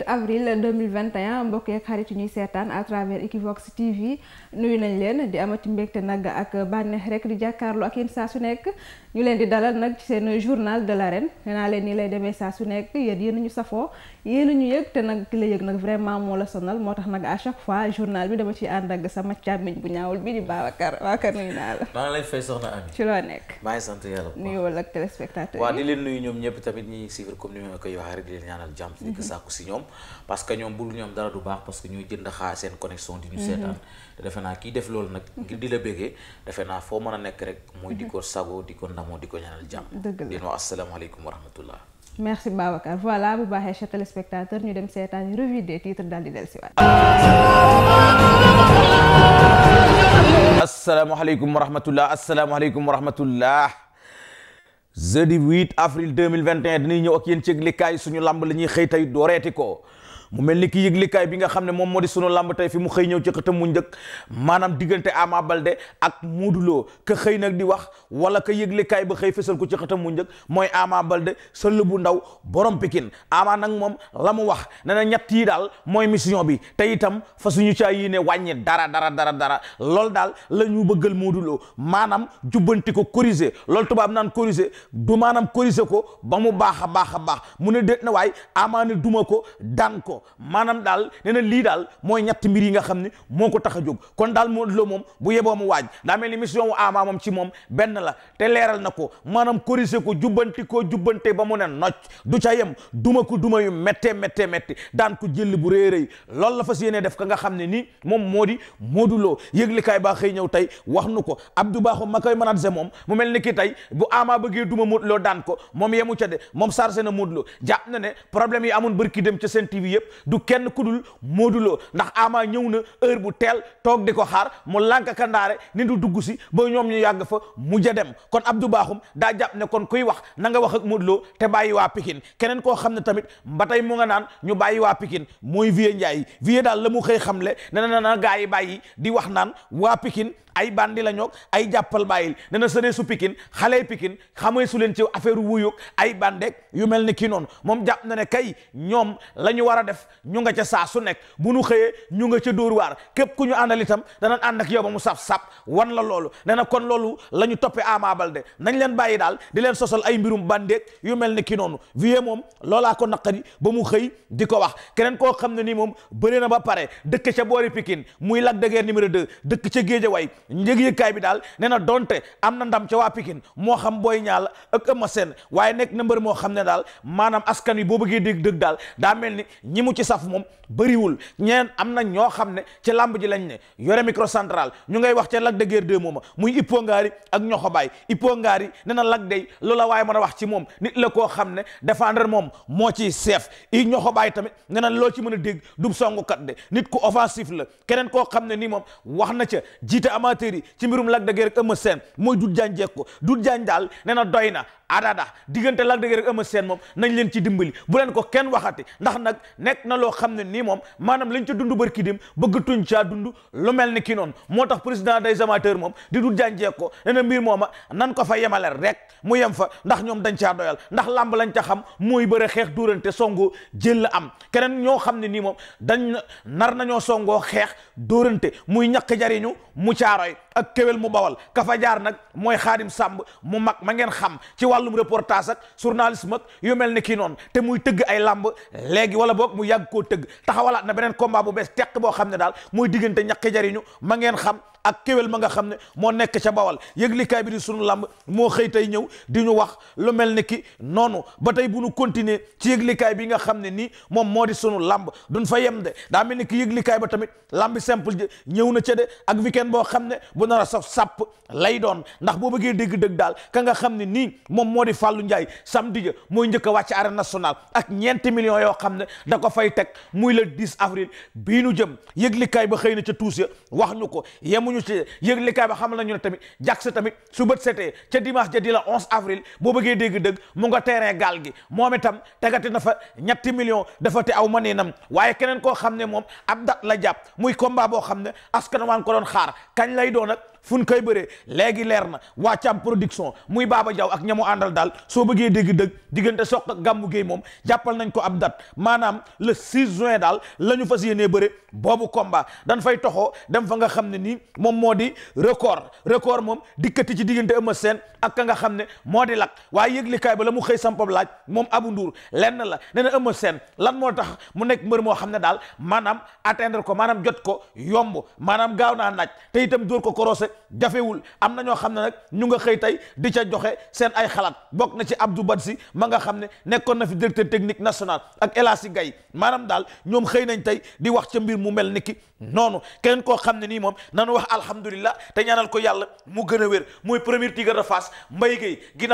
18 avril 2021 mbokk yeeg xarit ñuy seetaan à travers Equivox TV nuyu nañ leen di amati mbégte nag ak bànneex rek di jàkkaarloo ak yéen saa su nekk ñu leen di dalal nag ci seen journal de l'arène nee naa leen nii lay demee saa su nekk yéen ñu safoo yéen a ñu yëg te nag ki la yëg nag vraiment moo la sonal moo tax nag à chaque fois journal bi dama ciy ànd ak sama càmmiñ bu ñaawul bi di Babacar Babacar nuyu naa maa ngi lay fay soxna Ami. ci loo nekk. maa ngi sant yàlla bu baax nuyuwal ak yi. di leen nuyu ñoom ñëpp tamit ñi suivre comme ni koy waxee rek di leen ñaanal jàmm si ñoom parce que ñoom bu dul ñoom du baax parce que ñooy jënd xaar seen connexion mhm. defe naa kii def loolu nag ngir di la béggee defe naa foo mën a nekk rek mooy di mhm. ko sago di ko ndamoo di ko ñaanal jàmm dëgg la di wax asalaamaaleykum merci Babacar voilà bu baaxee chers téléspectateurs ñu dem seetaan revue des titres daal di dellusiwaat. asalaamaaleykum wa rahmatulah asalaamaaleykum wa rahmatulah. jeudi 8 avril 2021 dañuy ñëw ak yéen ci yëglekaay suñu lamb la ñuy xëy tey dooreeti ko. mu mel ni ki yëglikaay bi nga xam ne moom moo di sunu làmb tey fi mu xëy ñëw ci xëtam mu njëkk maanaam diggante Ama balde ak Modou Lo ka xëy nag di wax wala ka yëglikaay ba xëy fesal ko ci xëtam mu njëkk mooy Ama Baldé sëll bu ndaw borom Pikine Ama nag moom la mu wax ne na ñett yi daal mooy mission bi tey itam fa suñu caa yii ne wàññi dara dara dara dara loolu daal la ñu bëggal Modou Lo maanaam jubbanti ko corriger loolu tubaab naan corriger du maanaam corriger ko ba mu baax baax a baax mu ne déet na waay Ama duma ko daan ko ko maanaam daal nee lii daal mooy ñetti mbir yi nga xam ne moo ko tax a jóg kon daal Modou Lo moom bu yeboo mu waaj daa mel ni mission wu Ama moom ci moom benn la te leeral na ko maanaam corrigé ko jubbanti ko ba mu ne nocc du ca yem duma ko duma yu méttee méttee métti daan ko bu rëy rëy loolu la fas def ka nga xam ne ni moom moo di Modou Lo yëglikaay baa xëy ñëw tey wax nu ko Abdou Bakhoum ma koy manaat se moom mu mel ni ki tey bu Ama bëggee duma Modou Lo daan ko moom mu ca de moom chargé na Modou Lo jàpp na ne problème yi amoon bërki dem ca seen TV yëpp du kenn kudul Modou Lo ndax Ama ñëw na heure bu teel toog di ko xaar mu lànk kandaare ni du dugg si ba ñoom ñu yàgg fa mujj a dem kon Abdou baaxum daa jàpp ne kon kuy wax nanga nga wax ak Modou te bàyyi waa pikin keneen koo xam ne tamit ba tey mu nga naan ñu bàyyi waa Pikine mooy Vieux Ndiaye Vieux daal la mu xëy xamle ne na na gaa yi bàyyi di wax naan waa Pikine ay bandi la ñoog ay jàppal bàyyil ne na sënee su Pikine xale Pikine xamee su leen ci affaire wuyuk ay bandek yu mel ni kii noonu moom jàpp na ne kay def ñu nga ca saa su nekk bu nu xëyee ñu nga ca dóor waar képp ku ñu àndal itam ak yow ba mu saf sap wan la loolu nee na kon loolu la ñu toppee Ama Baldé nañ leen bàyyi daal di leen sosal ay mbirum bandeeg yu mel ni ki noonu vie moom loolaa ko naqari ba mu xëy di ko wax keneen koo xam ne nii moom bëree na ba pare dëkk ca boori Pikine muy Lac de Guiers numéro dëkk ca Guédiawaye njëg-yëkkaay bi daal nee na donte am na ndam ca waa moo xam Boy Niang la ak Eumeu Sène waaye nekk na mbër moo xam ne daal maanaam askan wi boo bëggee dégg daal daa mel ni ñi mu ci saf moom bëriwul ñeen am na ñoo xam ne ci làmb ji lañ ne yore micro central ñu ngay wax ca Lac de Guiers 2 mooma muy Ippo Ngari ak ñoxobaay Ippo Ngari ne na Lac day loola waaye mën a wax ci moom nit la koo xam ne défendre moom moo ci chef i ñoxobaay tamit ne na loo ci mën a dégg du songukat de nit ku offensif la keneen koo xam ne nii moom wax na ca jiite amateur yi ci mbirum lag de Guiers ak Eumeu mooy dut janjeek ko dut jan daal ne na doy adada diggante Lac de Guiers seen moom nañ leen ci dimbali bu leen ko kenn waxati ndax nag nekk na loo xam ne nii moom maanaam lañ ca dund barki dem bëgg tuñ caa lu mel ni ki noonu moo tax président des amateurs moom di du jànjee ko ne na moom mooma nan ko fa yemale rek mu yem fa ndax ñoom dañ caa doyal ndax làmb lañ ca xam mooy bëre xeex dóorante songo jël la am keneen ñoo xam ne nii moom dañ nar nañoo songoo xeex doorante muy ñàkk jariñu mu caaroy ak kéwél mu bawal ka jaar nag mooy xaadim sàmb mu mag ma ngeen xam ci wàllum reportage ak journalisme ak yu mel ni kii noonu te muy tëgg ay lamb léegi wala boog mu yàgg koo tëgg taxawalaat na beneen combat bu bees teq boo xam ne daal muy diggante ñaqi jariñu ma ngeen xam ak kéwél ma nga xam ne moo nekk ca bawal yëglikaay bi di sunu lamb moo xëy tey ñëw di ñu wax lu mel ni ki noonu ba tey bu nu continuer ci yëglikaay bi nga xam ne nii moom moo di sunu làmb duñ fa yem de daa mel ni ki yëglikaay ba tamit lamb simple ji ñëw na ca ak weekend boo xam ne bu nar a saf lay doon moo di Fallou Ndiaye samedi ja mooy njëkk wàcc arène nationale ak ñeenti million yoo xam ne da ko fay teg muy le 10 avril bii nu jëm yëglikaay ba xëy na ca tuus ya wax ñu ko yemuñu ci yëglikaay ba xam nañu ne tamit jàk sa tamit su bët setee ca dimanche ja di la 11 avril boo bëggee dégg dëgg mu nga terrain gaal gi moom itam tegati na fa ñetti million dafa te aw ma nee nam waaye keneen koo xam ne moom ab dat la jàpp muy combat boo xam ne askan waan ko doon xaar kañ lay doon nag fu ñu koy bëree léegi leer na waa Thiam production muy Baba Diaw ak ñamu àndal daal soo bëggee dégg dëgg diggante soq ak gàmmu géey moom jàppal nañ ko ab date maanaam le 6 juin daal la ñu fas yéenee bëre boobu komba dañ fay toxo dem fa nga xam ne nii moom moo di record record moom dikkati ci diggante Eumeu seen ak ka nga xam ne moo di lak waaye yëglikaay ba la mu xëy sampab laaj moom Abou Ndour lenn la nee na Eumeu Sène lan moo tax mu nekk mbër moo xam ne daal maanaam atteindre ko maanaam jot ko yomb maanaam gaaw jafewul am na ñoo xam ne nag ñu nga xëy tey di ca joxe seen ay xalaat bokk na ci Abdou si ma nga xam ne nekkoon na fi directeur technique national ak El Hadji Gaye maanaam daal ñoom xëy nañ tey di wax ca mbir mu mel ni ki noonu kenn koo xam ne nii moom nanu wax alhamdulillah te ñaanal ko yàlla mu gën a wér muy premier tigre de Fass Mbaye Guèye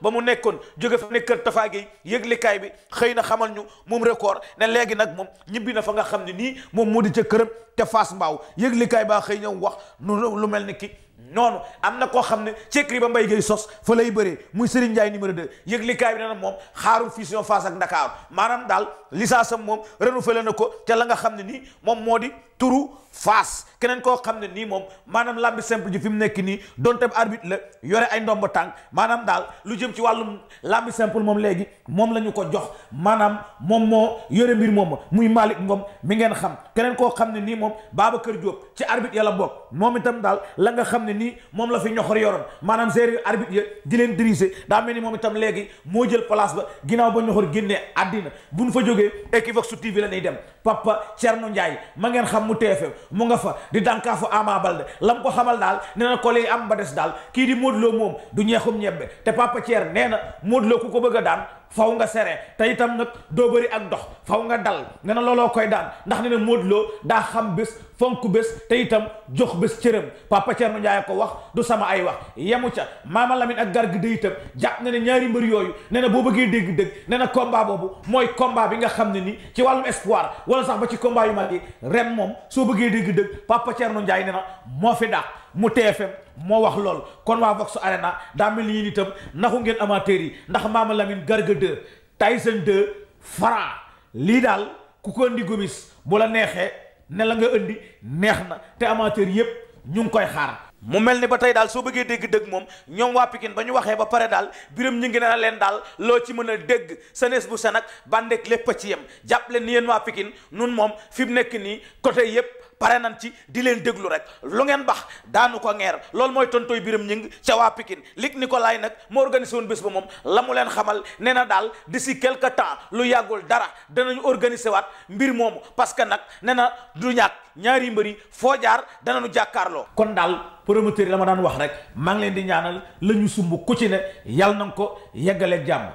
ba mu nekkoon jóge fa nekk kër Tafa Guèye yëglikaay bi xëy na xamal ñu moom record ne léegi nag moom ñibbi na fa nga xam ne nii moom moo di ca këram ca Fass Mbaaw yëglikaay baa xëy ñëw wax lu mel ni ki noonu am na koo xam ne cekri ba mbay gay sos fa lay bëree muy Serigne Ndiaye numéro 2 yëglikaay bi nee moom xaarul fusion Fass ak Ndakaaru maanaam daal licence am moom renouvelé na ko ca la nga xam ne nii moom moo di turu Fass keneen koo xam ne nii moom maanaam lambi simple ji fi mu nekk nii donte arbitre la yore ay ndomba tànk maanaam daal lu jëm ci wàllum lambi simple moom léegi moom la ñu ko jox maanaam moom moo yore mbir moom muy Malick ngoom mi ngeen xam keneen koo xam ne nii moom baaba Babacar Diop ci arbitre yàlla bokk moom itam daal la nga xam ne ne nii moom la fi ñoxor yoroon maanaam séeréer arbitre ya di leen diriger daa mel ni moom itam léegi moo jël place ba ginnaaw ba ñoxor génnee àddina bu ñu fa jógee Equivox su TV la ñuy dem Papa Thierno Ndiaye ma ngeen xam mu TFM mu nga fa di dànkaafu Ama la lam ko xamal daal nee na ko lay am ba des daal kii di Modou loo moom du ñeexum ñebbe te Papa Thierno nee na Modou Lo ku ko bëgg a daan faw nga seree te itam nag doo bëri ak dox faw nga dal nee na looloo koy daan ndax ne na Modou Lo daa xam bés fonk bés te itam jox bés cëram Papa Thierno Ndiaye ko wax du sama ay wax yemu ca Mama Lamine ak Garga de itam jàpp na ne ñaari mbër yooyu nee na boo bëggee dégg dëgg nee na combat boobu mooy combat bi nga xam ne ni ci wàllum espoir wala sax ba ci combat yu mag yi ren moom soo bëggee dégg dëgg Papa Thierno Ndiaye nee na moo fi dàq mu TFM moo wax lool kon waa Vox Arena daa mel ni yéen itam naxu ngeen amateur yi ndax Maama Lamine Garga 2 Tyson 2 Franc lii daal ku ko indi gomis bu la neexee ne la nga indi neex na te amateur yépp ñu ngi koy xaar. mu mel ni ba tey daal soo bëggee dégg dëgg moom ñoom waa Pikine ba ñu waxee ba pare daal biram ñu ngi na leen daal loo ci mën a dégg senes bu senag bandek lépp a ci yem jàpp leen ni yéen waa Pikine nun moom fi mu nekk nii côté yépp pare nañ ci di leen déglu rek lu ngeen bax daanu ko ngeer loolu mooy tontoy biram ñing ca waa Pikine lig Nicolas nag moo organisé woon bés ba moom la mu leen xamal nee na daal si quelque temps lu yàggul dara danañu organiser waat mbir moomu parce que nag nee na du ñàkk ñaari mbëri foo jaar danañu jàkkaarloo kon daal promoteur la ma daan wax rek maa ngi leen di ñaanal la ñu sumb ku ci ne yàlla na nga ko yeggaleeg jàmm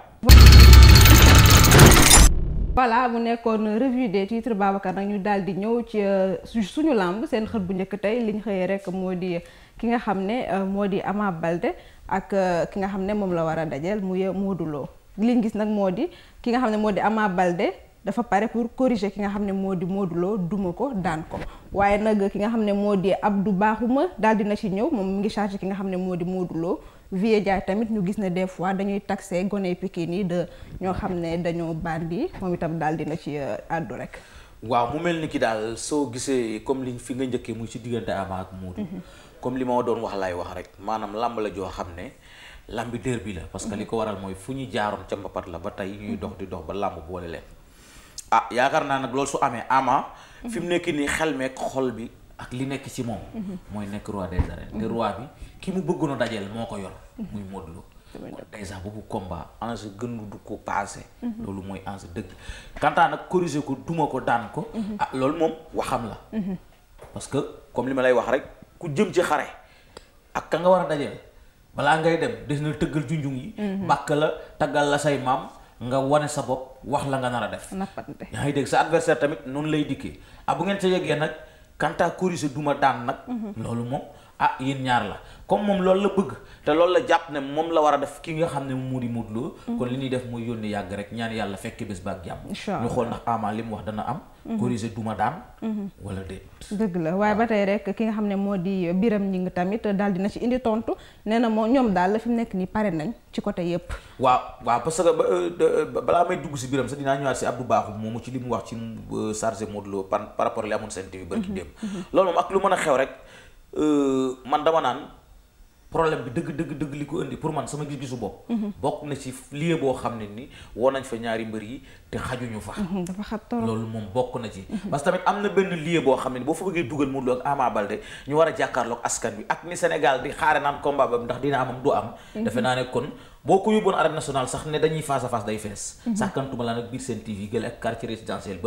voilà mu nekkoon revue des titres Babacar nag ñu daal di ñëw ci euh, suñu làmb seen xët bu njëkk tey li ñu xëyee rek moo di ki nga xam ne euh, moo di Ama Balde ak euh, ki nga xam ne moom la war a dajeel muy Modou Lo gis nag moo di ki xam ne moo di Ama Balde dafa pare pour corriger ki nga xam ne moo di Modou Lo duma ko daan ko waaye nag ki nga xam ne moo di Abdou Bakhouma daal di na ci ñëw moom mu ngi chargé ki nga xam ne moo di Modou Vieux Ndiaye tamit ñu gis ne des fois dañuy taxé gone Pikine yi de ñoo xam ne dañoo bandi moom itam daal dina ci euh, àddu rek. waaw mu mel ni ki daal soo gisee comme li fi nga njëkkee muy ci diggante Ama ak Modou. Mhm. comme li ma doon wax lay wax rek maanaam lamb la joo xam ne lambi dër bi la. parce que mhm. li ko waral mooy fu ñu jaaroon ca mbapat la ba tey ñuy mhm. dox di dox ba lamb boole leen. ah yaakaar naa nag loolu su amee Ama. fi mu nekk nii xel meek xol bi ak li nekk ci moom. mooy nekk roi des arènes ki mu bëggoon dajeel moo ko yor. Mhm. muy Modou Lo. kon déjà boobu combat enjeu gënu du ko passé. Mhm. loolu mooy enjeu dëgg. kantaan nag corriger ko duma ko daan ko. Mhm. Ah, la. parce que comme li ma lay wax rek ku jëm ci a dajeel balaa ngay dem des na tëggal junjung yi. bàkk la taggal la say maam. nga sa bopp wax la nga nar a ngi dégg sa adversaire tamit noonu lay dikkee ah bu ngeen sa yeggee nag kanta corriger duma daan nag. loolu moom. ah yéen ñaar la comme moom loolu la bëgg te loolu la jàpp ne moom la war a def ki nga xam ne mu di Modou Lo kon li ñuy def mooy yónni yàgg rek ñaan yàlla fekke bés ba ak jàmm ñu xool ndax Ama li mu wax dana am mhm. corrigé duma daan mhm. wala déet dëgg la waaye ba tey rek ki nga xam ne moo di Biram ñi ngi tamit daal dina ci indi tontu nee na moo ñoom daal fi mu nekk nii pare nañ ci côté yépp waaw waaw parce que euh, euh, balaa dugg si Biram sax dinaa ñëwaat si Abdou Bakhoum moomu ci li mu wax ci euh, chargé Modou Lo par rapport li amoon seen TV bërki mhm. démb loolu moom ak lu mën a xew rek Euh, man dama naan problème bi dëgg dëgg dëgg li ko indi pour man sama gis-gisu bopp. Mhm. bokk na ci lieu boo xam ne ni woo nañ fa ñaari mbër yi te xajuñu fa. Mhm, dafa xat trop loolu moom bokk na ci. Mhm. parce que tamit am na benn lieu boo xam ne ni boo fa bëggee dugal Modou Lo ak Ama Baldé ñu war a jàkkaarloog askan wi ak ni Sénégal di xaare naan combat ba ndax dina amam du am. defe naa ne boo ko yóbboon arène nationale sax ne dañuy face à face day fees. sàkkantuma la nag biir seen t gële ak quartier résidentiel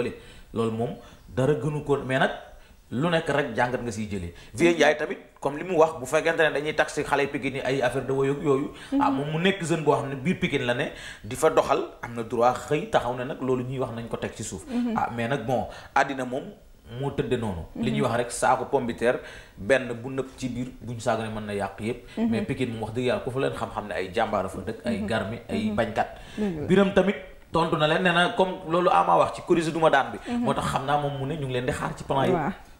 lu nekk rek jàngat nga si jëlee Vieux Ndiaye tamit comme li mu wax bu fekkente ne dañuy taxi xale Pikine yi ay affaire de woyoog yooyu mhm. ah moom mu nekk jeune boo xam ne biir Pikine la ne di fa doxal am na droit xëy taxaw ne nag loolu ñuy wax nañ ko teg ci suuf mhm. ah mais nag bon àddina moom moo tëdde noonu mhm. li ñuy wax rek saako pombiteer benn bu nëb ci biir bu ñu saago ne mën na yàq yépp mais Pikine moom yàlla ku fa leen xam-xam ne ay jàmbaara fa dëkk ay garmi ay bañkat biram tamit tontu na leen nee loolu ama wax ci corrigé duma daan moo tax xam naa moom mu ne ñu ngi leen di xaar ci plan yi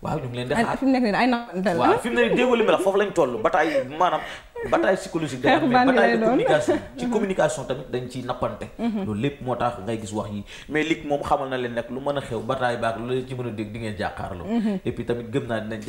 waaw ñu ngi leen di xaar fi mu nekk nii ay naxante la waaw fi mu ne nii déggoo li ma la foofu lañ toll bataay maanaam bataille psychologique dafa mais ci communication tamit dañ ciy nappante mhm. loolu lépp moo tax ngay gis wax yi mais lig moom xamal na leen nag lu mën a xew bataille baak lu ci mën a dégg di wax na dëgg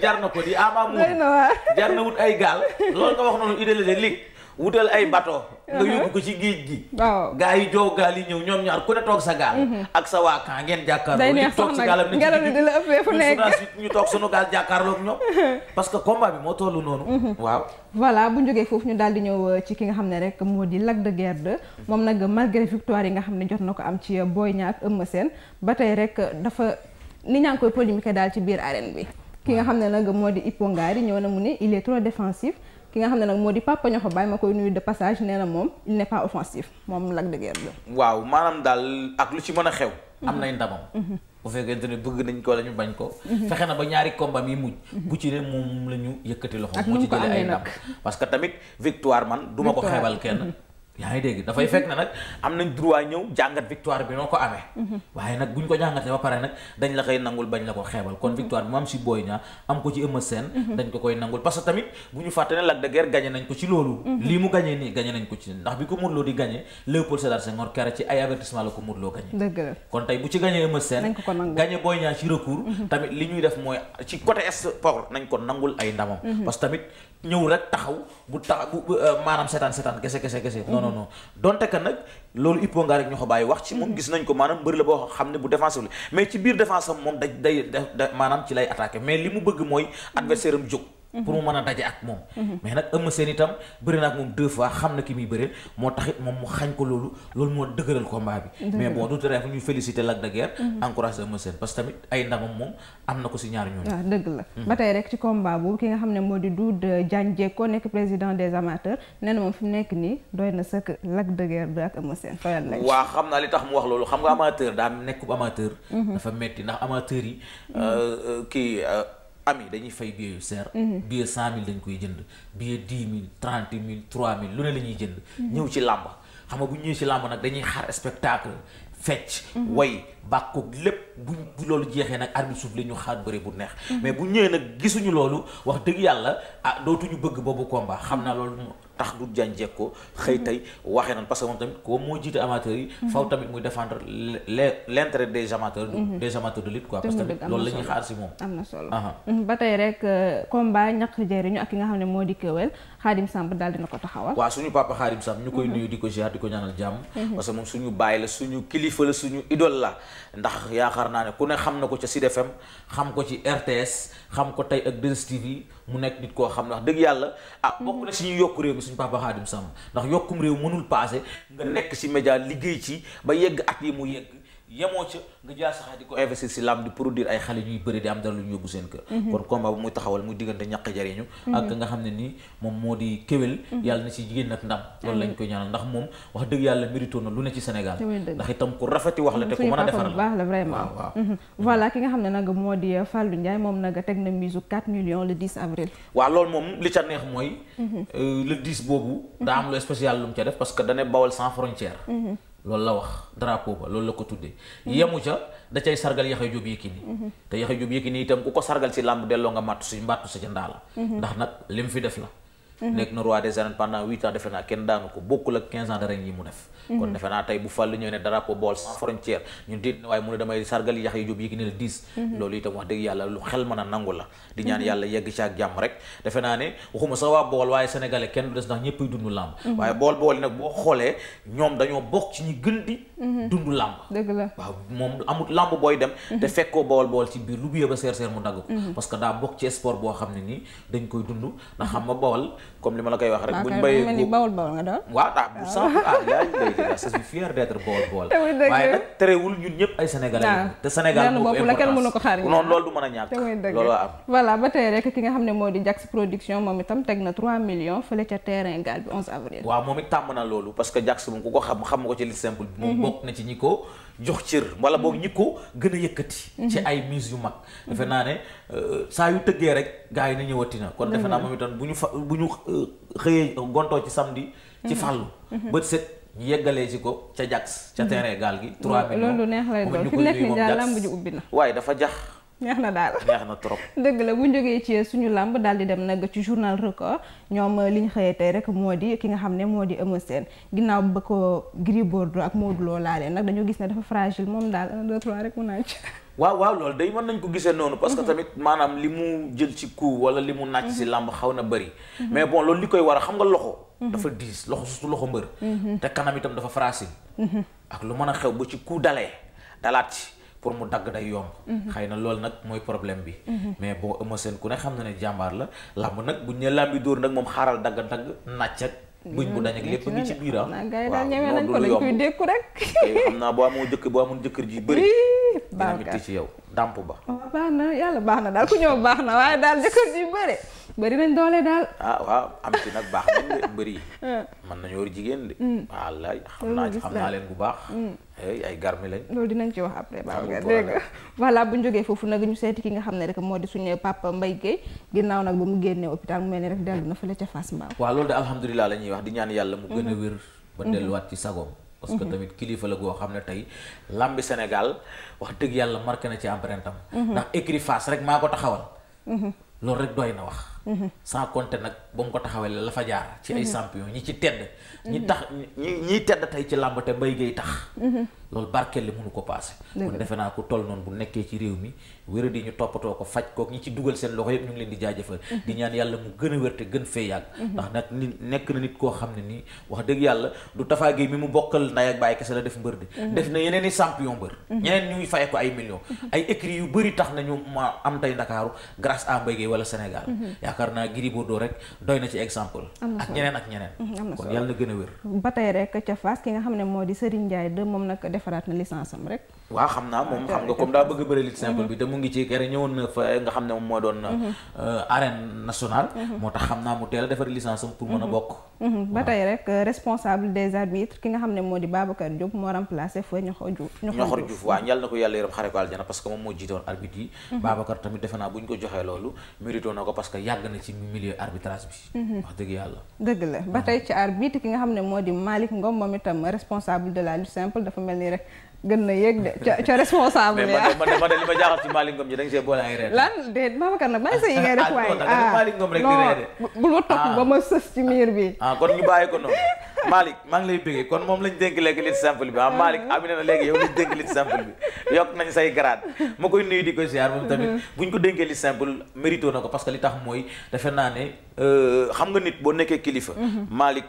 jar na ko di ah, ama mu jar na wut ay gaal loolu nga wax mënoon utiliser li wutal ay bateau nga uh-huh. yóbbu ko ci géej gi waaw gaa yi jow gaal yi ñëw ñoom ñaar ku ne toog sa gaal uh-huh. ak sa waa kan ngeen jàkkaarloo ñu toog si gaalam ñu toog sunu gaal jàkkaarloo ak ñoom uh-huh. que combat moo toll noonu waaw voilà bu jógee foofu ñu daal di ñëw euh, ci ki nga xam ne rek moo di Lac de Guiers moom nag malgré victoire yi nga xam ne jot na ko am ci euh, Boy Niang ak Eumeu ba tey rek euh, dafa ni ñaa ngi koy daal ci biir arène bi ki nga xam ne nag moo di Ipongaari ñëw na mu ne il est trop défensif ki nga xam ne nag moo di Papa Ñoxo Baay ma koy nuyu de passage nee na moom il n'est pas offensif moom Lac de Guiers la. waaw maanaam daal ak lu ci mën a xew. Mm-hmm. am nay ndamam. bu fekkente ne bëgg bañ ko. Mm-hmm. fexe na ba ñaari combat yi mujj. Mm-hmm. bu ci ne moom la yëkkati loxo. ak ci jëlee ay ndam parce tamit victoire man du ko xeebal kenn. yaa ngi dégg dafay fekk na nag am nañ droit ñëw jàngat victoire bi noo ko amee waaye nag buñ ko jàngatee ba pare nag dañ la koy nangul bañ la ko xeebal kon victoire bi mu am si Boy Niang am ko ci Eumeu Sène dañ ko koy nangul parce que tamit bu ñu fàtte ko ci loolu lii bi ko Modou Lo di gagné kon bu ci gagné Eumeu Sène gagné Boy mhm. li ñuy def mooy ci côté sport nañ ko nangul ay ndamam mhm. parce que tamit ñëw rek taxaw bu tax bu euh, maanaam seetaan seetaan kese kese kese. non non non donte que nag loolu il faut nga rek ñu ko bàyyi wax ci moom gis nañ ko maanaam mbëri la boo xam ne bu défense la mais ci biir défense am moom day day maanaam ci lay attaqué mais li mu bëgg mooy adversaire am jóg. pour mu mën a daje ak moom mais nag Eumeu Sène itam bëri na ak moom deux fois xam na ki muy bëreel de Guiers mhm. encouragé Eumeu Sène parce que tamit ay ndamam moom am na ko si ñaar ñooñu ah, mhm. na moom fi mu nekk nii doy li tax mu wax loolu xam nga amateur daa nekk bu mhm. dafa metti ndax amateur yi euh, euh, euh, am yi dañuy fay billet yu seer mhm. billet cent mille dañ koy jënd billet dix mille trente mille trois mille lu ne la ñuy jënd mhm. ñëw ci làmb xam nga bu ñëwee ci làmb nag dañuy xaar spectacle fecc mhm. way bàkkoog lépp bu bu loolu jeexee nag arbitre suuf li ñu xaar bëri bu neex mais bu ñëwee nag gisuñu loolu wax dëgg yàlla ah dootuñu bëgg boobu combat xam naa loolu tax du jànjeek ko xëy tey waxee nan parce que moom tamit ko moo jiite amateurs yi mhm. faw tamit muy défendre les l'intérêt des amateurs mhm. des amateurs de lutte quoi parce la ñuy xaar si moom am na solo mhm, ba tey rek euh, combat ñaq jëriñu ak ki nga xam ne moo di Kewel Xaadim Samb daal dina ko taxawal waaw suñu papa Xaadim Samb ñu koy nuyu di ko ziar di ko ñaanal jàmm parce que moom suñu bàyyi la suñu kilifa la suñu idole la ndax yaakaar naa ne ku ne xam na ko ca Sud xam ko ci RTS xam ko tey ak 2STV mu nekk nit koo xam ndax dëgg yàlla ah bokk na si ñu yokk réew mi suñu papa Xaadim Samb ndax yokkum réew mënul passé nga nekk si média liggéey ci ba yegg at yi mu yegg yemoo ca nga jaar sax di ko investir si lamb di produire ay xale ñuy bëri di am dara lu ñu yóbbu seen kër mhm. kon combat bu muy taxawal muy diggante ñaq jariñu mhm. ak nga xam ne nii moom moo di kéwél mhm. yàlla na si jigéen nag ndam loolu lañ koy ñaanal ndax moom wax dëgg yàlla mérito na lu ne ci Sénégal ndax itam ku rafeti wax la te ku mën a defar la baax la moom li ca neex mooy euh, le 10 boobu daa am lu spécial lu ca def parce que dane bawal sans frontière loolu la wax drapeau ba loolu la ko tuddee yemu ca da cay sargal Yaxya Jóob Yékini te Yaxya Jóob Yékini itam ku ko sargal si làmb delloo nga màttu si mbàttu sa ca ndaa la ndax nag lim fi def la nekk na roi des arènes pendant huit ans defe naa kenn daanu ko bokkul ak quinze ans de yi mu def kon mhm. defe naa tey bu fàllu ñëw ne drapeau bool sans frontière ñun di waaye mu ne damay sargal yax yi jub ne la dix mhm. loolu itam wax dëgg yàlla lu xel mën a nangu la di ñaan mhm. yàlla yegg ci ak jàmm rek defe naa ne waxuma sax waa bool kenn du des ndax ñëppay dund làmb waaye bool bool boo xoolee ñoom dañoo bokk ci ñu gën di dund làmb dëgg la waaw moom amut làmb booy dem te fekkoo bool bool ci biir lu biyee ba seer seer mu dagg ko que daa bokk ci sport boo xam ne nii dañ koy dund ndax xam nga bool li ma la koy wax rek je suis fier d'être bool bool waaye nag terewul ñun ñëpp ay sénégalais te sénégal boobu la kenn mënu ko xaar noonu loolu du mën a ñàkk loolu am voilà ba tey rek ki nga xam ne moo di Jax production moom itam teg na 3 millions fële ca terrain gaal bi 11 avril waaw moom it tàmm na loolu parce Jax moom ku ko xam xam ko ci li simple bi moom mhm. bokk na ci ñi jox cër wala boog ñi gën a yëkkati mhm. ci ay mise yu mag defe naa ne euh, saa yu tëggee rek ñu yeggalee si ko ca jax ca mhm. terrain gaal gi. 3 millions loolu neex lay doon fi nekk nii daal làmb ji ubbi na. waaye dafa jax. neex na daal neex na trop. dëgg la bu ñu jógee ci suñu làmb daal di dem nag ci journal record ñoom euh, li ñu xëyee tey rek moo di ki nga xam ne moo di Eumeu Sène ginnaaw ba ko Gris Bordeaux ak moo du Lo laalee nag dañoo gis ne dafa fragile moom daal 1 2 3 rek mu naaj. waaw waaw loolu day mën nañ ko gisee noonu. parce que mhm. tamit maanaam li mu jël ci coup wala li mu naaj si mhm. làmb xaw na bëri. mais bon li koy war a xam nga loxo. dafa diis loxo su loxo mbër. Mhm. te kanam itam dafa fragile. Mhm. ak lu mën a xew ba ci ku dalee dalaat ci pour mu dagg day yomb. Mhm. xëy na loolu nag mooy problème bi. mais boo Eumeu Sène ku ne xam na ne jàmbaar la làmb nag bu ñu làmbi dóor nag moom xaaral dagg dagg nàcc ak buñ bu dañ ak lépp ngi ci biir ah. waaw moom du lu yomb xam boo amoon jëkkër boo amoon jëkkër ji bëri. baax na dina ci yow dàmp ba. waaw baax na yàlla baax na daal ku ñëw baax na waaye daal jëkkër ji bëri. bëri nañ doole daal. ah waaw am ci nag baax nañ de bëri. Ah. mën nañoo jigéen de. Mm. wallaay xam naa xam naa leen bu baax. Mm. ay garmi lañ. loolu dinañ ci wax après baax nga dégg bu ñu foofu nag ñu seeti ki nga xam ne rek moo di suñu papa Mbaye Guèye ginnaaw nag ba mu génnee hôpital mu mel ni rek dellu na fële ca Fass Mbao. waaw loolu de alhamdulilah la wax di ñaan yàlla mu gën a mm-hmm. wér. ba mm-hmm. delluwaat ci sagoom. parce que mm-hmm. tamit kilifa la goo xam ne tey làmbi Sénégal wax dëgg yàlla marqué na ci empreinte am. ndax écrit Fass rek maa ko taxawal. loolu rek doy na wax sans compter nag ba mu ko taxawee la fa jaar ci ay mhm. champion ñi ci tedd ñi mhm. tax ñi ñiy tedd tey ci làmb te mbay gay tax mhm. loolu barkeel li mënu ko paase kon defe naa ku toll noonu bu nekkee ci réew mi wéra ñu toppatoo ko faj kook ñi ci dugal seen loxo yëpp ñu ngi leen di jaajëfal mhm. di ñaan yàlla mu gën a wér te gën fee yàgg mhm. ndax nekk na nit koo xam ne nii wax dëgg yàlla du tafaagee mi mu bokkal nday ak bàyyi kese la def mbër de mhm. def na yeneen i champion mbër ñeneen ñuy faye ko ay millions ay écrits yu bëri tax nañu ma am tey Ndakaaru grâce a Mbaye Guèye wala Sénégal yaakaar naa Gris Bordeaux rek doy na ci exemple na gën a wér ba tey rek ca Fass ki nga defaraat na licence am rek waaw xam naa moom xam nga a xam ne moom moo doon mhm. euh, arène nationale mhm. moo tax xam naa mu teel a defar licence am pour mën a mhm. bokk ba tey rek euh, responsable des arbitres ki nga xam ne moo di Babacar Diop moo remplacé fa que moom la ba xam ne moo di Malick Ngom moom itam responsable de la lutte simple dafa mel ni rek gën na yéeg de ca ca responsable ya. mais man de man de li ma jaaxal ci Malick Ngom ji da see boole ay reer. lan déet Babacar nag ma ah, ah. ah. ba ma sës ci miir bi. kon ñu bàyyi ko noonu Malick maa ngi lay bëggee kon moom lañ dénk léegi lit simple bi ah Malick Amina na léegi yow lañ dénk lit simple bi yokk nañ say grade ma koy nuyu di ko ziar moom tamit mm-hmm. buñ ko dénkee lit simple mérito na ko parce li tax mooy defe naa ne euh, xam nga nit boo nekkee kilifa mm-hmm. Malick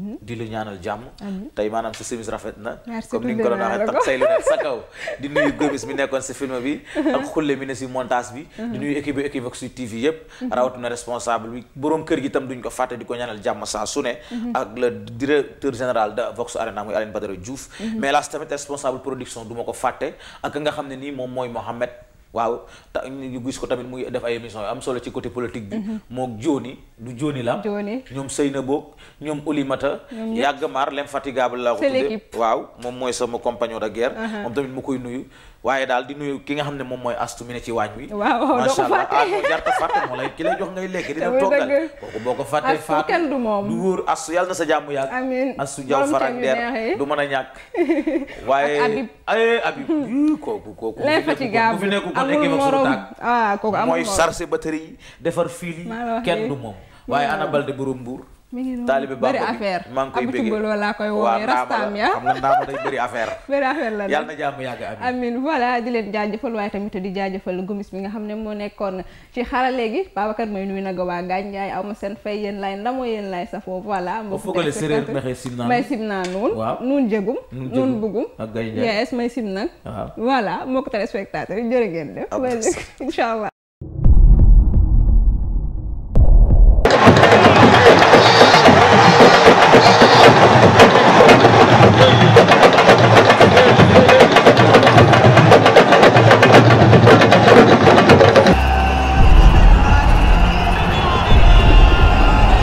Mm-hmm. di la ñaanal jàmm tey maanaam sa chemise rafet na comme ni nga ko doon waxee tak say sa kaw di nuyu gomis mi nekkoon si film bi uh-huh. ak xulle mi ne si montage bi uh-huh. di nuyu équipe bi équipe su TV yëpp uh-huh. rawatina responsable boroom kër gi itam duñ ko fàtte di ko ñaanal jàmm saa su ne ak le directeur général de Vox Arena muy Aline Badara Diouf mais laas tamit responsable production du ma ko fàtte ak nga xam ne nii moom mooy Mohamed waaw ta ñu gis ko tamit muy def ay émission yu am solo ci côté politique bi mhm. mook Joni du Joni la ñoom na Boog ñoom Oulimata yàgg maar l'infatigable laa ko tudde waaw moom mooy sama compagnon de guerre uh-huh. moom tamit mu koy nuyu waaye daal di nuyu ki nga xam ne moom mooy astu mi ne ci waañ wi waaw doo ko fàtte macha allah jarta fàtte ki lay jox ngay lekk di dem boo ko fàtte fàtte kenn du moom du wóor astu yàlla sa jàmm yàgg astu jaw farak der eh. du mën a ñàkk waaye abib ay abib kooku kooku l'infatigable ku fi nekk ko nekkee ma sunu mooy chargé batterie yi defar fil kenn eh. du moom waaye ana balde borom mbuur mi ngi noonu bëri affaire maa ngi koy bëggee abutubaloo laa koy woowee rastaam ya xam nga ndaama day bëri affaire bëri affaire la yàlla na jàmm yàgg amin amin voilà di leen jaajëfal waaye tamit di jaajëfal gumis bi nga xam ne moo nekkoon ci xarale gi Babacar may nuyu na ga waa gaañ Njaay aw ma seen fay yéen laay ndamoo yéen laay safoo voilà mbokk séréer maxey simnaa may simnaa nuun waaw nuun jégum nuun bugum ak gaañ Njaay yes may simna voilà mbokk téléspectateur yi jërë ngeen def incha allah